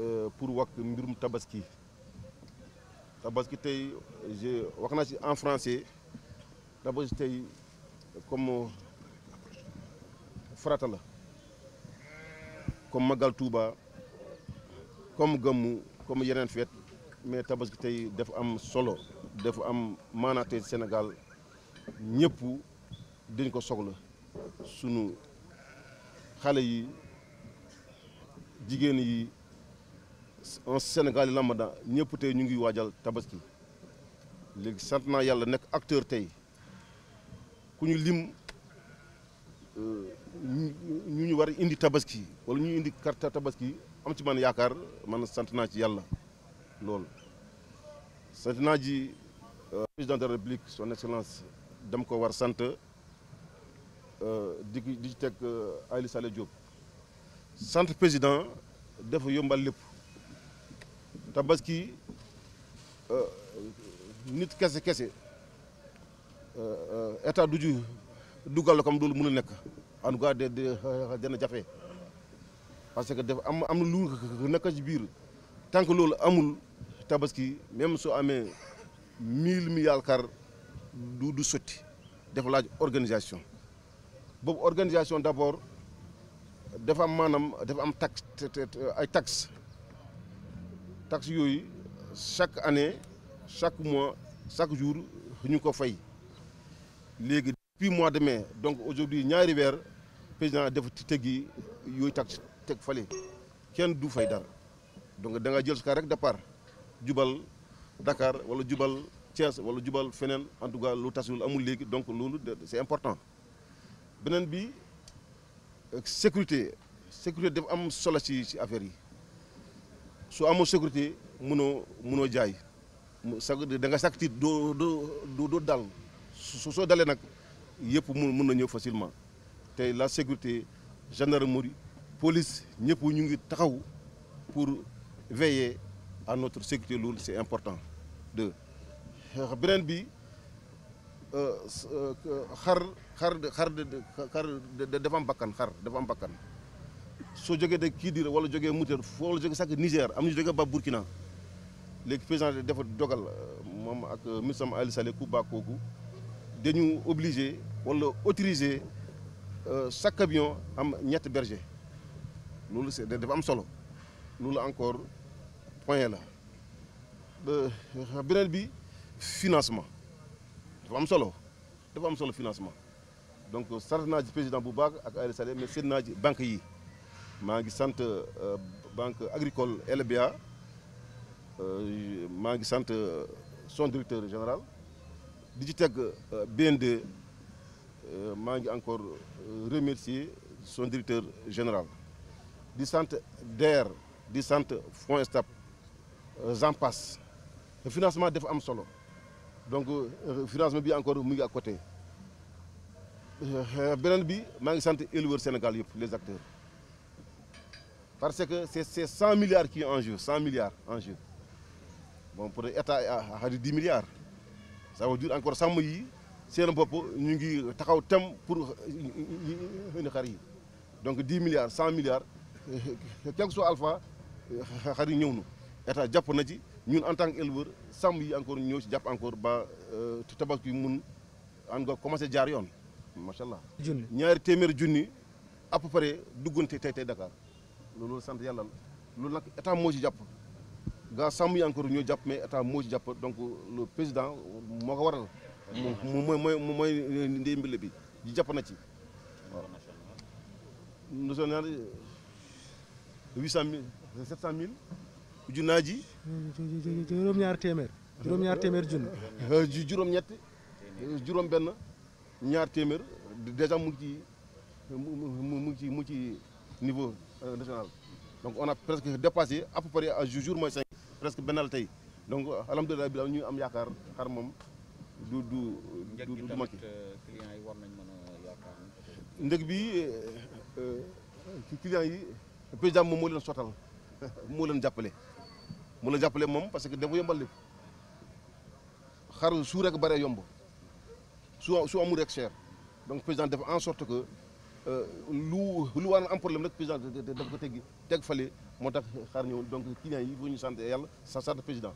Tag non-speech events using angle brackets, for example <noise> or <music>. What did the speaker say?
Euh, pour mbir mu tabaski tabaski tey wax naa ci en français tabaski tey comme farata la comme Magal Touba comme Gammu comme yeneen feet mais tabaski tey dafa am solo dafa am maanaa tey Sénégal ñëpp dañ ko soxla sunu xale yi jigéen yi. en Sénégal lambda ñëpp tey ñu ngi waajal tabaski léegi sant naa yàlla nekk acteur tey ku ñu lim euh, ñu ñu war a indi tabaski wala ñu indi carte tabaski am ci man yaakaar man sant naa ci yàlla loolu sant naa ji euh, président de la république son excellence dama ko war sant di euh, di ci teg Aly Saleh Diop sant président dafa yombal lépp tabaski euh, nit kese kese euh, euh, état du ju dugal comme loolu mënul nekk en tout cas de dana jafe parce que def am am na lu nekk ci biir tant que loolu amul tabaski même su amee mille milliards car du du sotti dafa laaj organisation boobu organisation d'abord dafa am maanaam dafa am taxe ay taxe taxe yooyu chaque année chaque mois chaque jour ñu ko fay léegi depuis mois de mai donc aujourd'hui ñaari weer président def ci teggi yooyu tax teg fale kenn du fay dara donc da nga jël ka rek départ jubal Dakar wala jubal Thiès wala jubal feneen en tout cas lu tasul amul léegi donc loolu c'est important beneen bi euh, sécurité sécurité dafa am solo ci ci yi su amoo sécurité mënoo mënoo jaay sa da nga sakk tiit doo doo doo dal su soo dalee nag yëpp mun mun na ñëw facilement tey la sécurité gendarmerie police ñëpp ñu ngi taxaw pour veiller à notre sécurité loolu c'est important deux beneen bi euh, euh, xar xar xar xar dafa am bakkan xar dafa am bakkan soo jógee de Kidira wala jógee Mouter foo la jógee sax Niger am ñu jógee ba Burkina léegi président dafa dogal euh, moom ak euh, ministre am alisale Salé ku baax kooku dañu obligé wala autorisé euh, chaque camion am ñetti berger loolu c'est dafa am solo loolu encore point la beneen bi financement dafa am solo dafa am solo financement donc sant naa ji président bu baak ak Aliou Salé mais seet naa ji yi maa ngi sant euh, banque agricole LBA euh, maa ngi sant euh, son directeur général di ci teg BND maa ngi encore remercier son directeur général di sant DER di sant Fonds Stap j'en financement dafa am solo donc financement bi encore mu ngi à côté beneen bi maa ngi sant éleveur Sénégal yëpp les acteurs parce que c'est 100 milliards qui est en jeu, 100 milliards en Bon, pour l'État, il a 10 milliards. Ça veut dire encore 100 euh, milliards, c'est un peu pour nous pour Donc 10 milliards, 100 euh, milliards, quel que soit Alpha, il euh, y na japonais, nous en tant qu'éleveurs, 100 yi encore, nous jàpp encore ba tout tabac qui nous commencé à faire. Machallah. Nous avons témér à peu près, nous avons Dakar. loolu sant yàlla loolu nag état moo ci jàpp gaa sàmm yi encore ñoo jàpp mais état moo ci jàpp donc le président moo ko waral. mooy mooy mooy bi ji jàpp na ci waaw. national huit cent mil sept cent mille. ji. juróom-ñaar téeméer. juróom-ñaar téeméer junn. Euh, juróom-ñett juróom-benn ñaar téeméer déjà mu ngi mu mu mu mu ci niveau. Euh, national donc on a presque dépassé à peu près à jour mooy cinq presque bennal bi am yaakaar moom du euh, client yi war nañ mën a yaakaar bi ci euh, client yi moom moo leen sottal <laughs> moo leen jàppale moo leen jàppale moom parce que dafa yombal lépp xar su rek bare yomb su su amul rek donc président dafa en sorte que Euh, lu lu war na am problème rek président daf ko teggi teg fale moo tax xaar wu donc clients yi bu ñu sant yàlla sa sant président